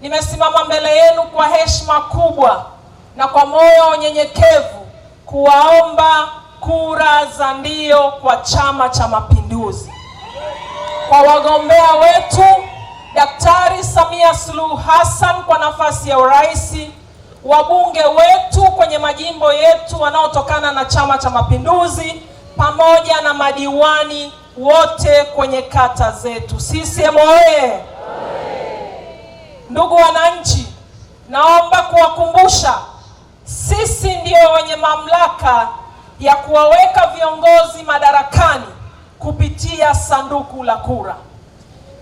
Nimesimama mbele yenu kwa heshima kubwa na kwa moyo unyenyekevu kuwaomba kura za ndio kwa Chama cha Mapinduzi, kwa wagombea wetu Daktari Samia Suluhu Hassan kwa nafasi ya urais, wabunge wetu kwenye majimbo yetu wanaotokana na Chama cha Mapinduzi, pamoja na madiwani wote kwenye kata zetu. CCM oye! Ndugu wananchi, naomba kuwakumbusha sisi ndio wenye mamlaka ya kuwaweka viongozi madarakani kupitia sanduku la kura.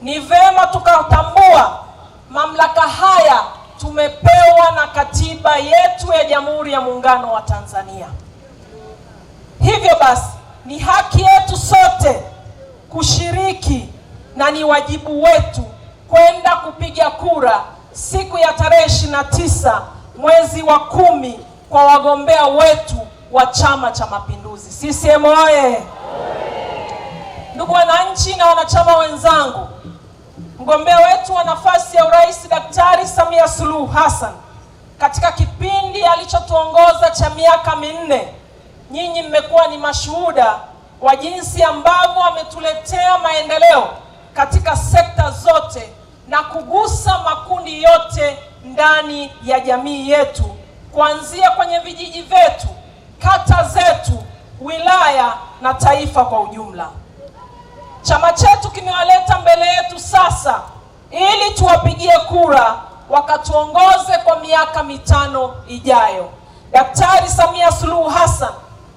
Ni vema tukatambua mamlaka haya tumepewa na katiba yetu ya Jamhuri ya Muungano wa Tanzania. Hivyo basi, ni haki yetu sote kushiriki na ni wajibu wetu tarehe 29 mwezi wa kumi kwa wagombea wetu wa Chama cha Mapinduzi CCM oye! Ndugu wananchi na wanachama wenzangu, mgombea wetu wa nafasi ya urais Daktari Samia Suluhu Hassan katika kipindi alichotuongoza cha miaka minne, nyinyi mmekuwa ni mashuhuda wa jinsi ambavyo ametuletea maendeleo katika sekta zote na kugusa makundi yote ndani ya jamii yetu, kuanzia kwenye vijiji vyetu, kata zetu, wilaya na taifa kwa ujumla. Chama chetu kimewaleta mbele yetu sasa ili tuwapigie kura wakatuongoze kwa miaka mitano ijayo. Daktari Samia Suluhu Hassan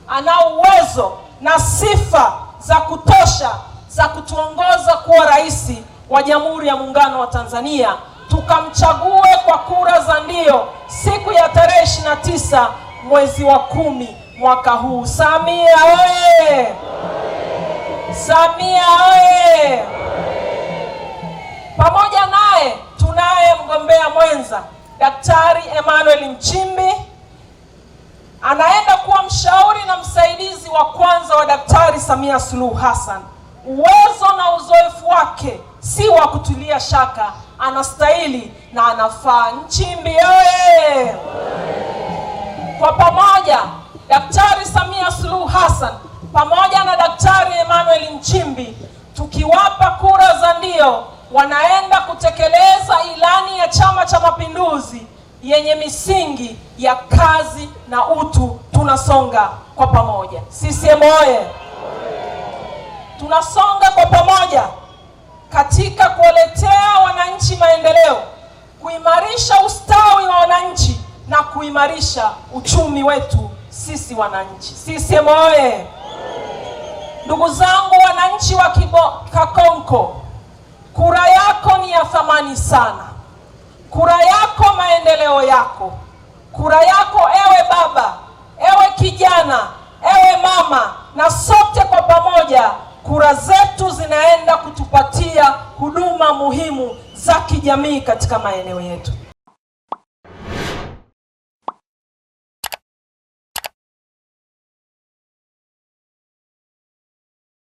ana uwezo na sifa za kutosha za kutuongoza kuwa rais wa Jamhuri ya Muungano wa Tanzania tukamchague kwa kura za ndio siku ya tarehe tisa mwezi wa kumi mwaka huu. Samia oye! Samia oye! Pamoja naye tunaye mgombea mwenza Daktari Emmanuel Nchimbi anaenda kuwa mshauri na msaidizi wa kwanza wa Daktari Samia Suluhu Hassan. Uwezo na uzoefu wake si wa kutulia shaka anastahili na anafaa. Nchimbi oye! Kwa pamoja Daktari Samia Suluhu Hassan pamoja na Daktari Emmanuel Nchimbi tukiwapa kura za ndio, wanaenda kutekeleza ilani ya Chama cha Mapinduzi yenye misingi ya kazi na utu. Tunasonga kwa pamoja, CCM oye! Tunasonga kwa pamoja katika kuwaletea wananchi maendeleo, kuimarisha ustawi wa wananchi na kuimarisha uchumi wetu sisi wananchi. CCM oye! Ndugu zangu wananchi wa Kakonko, kura yako ni ya thamani sana. Kura yako maendeleo yako, kura yako ewe baba, ewe kijana, ewe mama na so kura zetu zinaenda kutupatia huduma muhimu za kijamii katika maeneo yetu.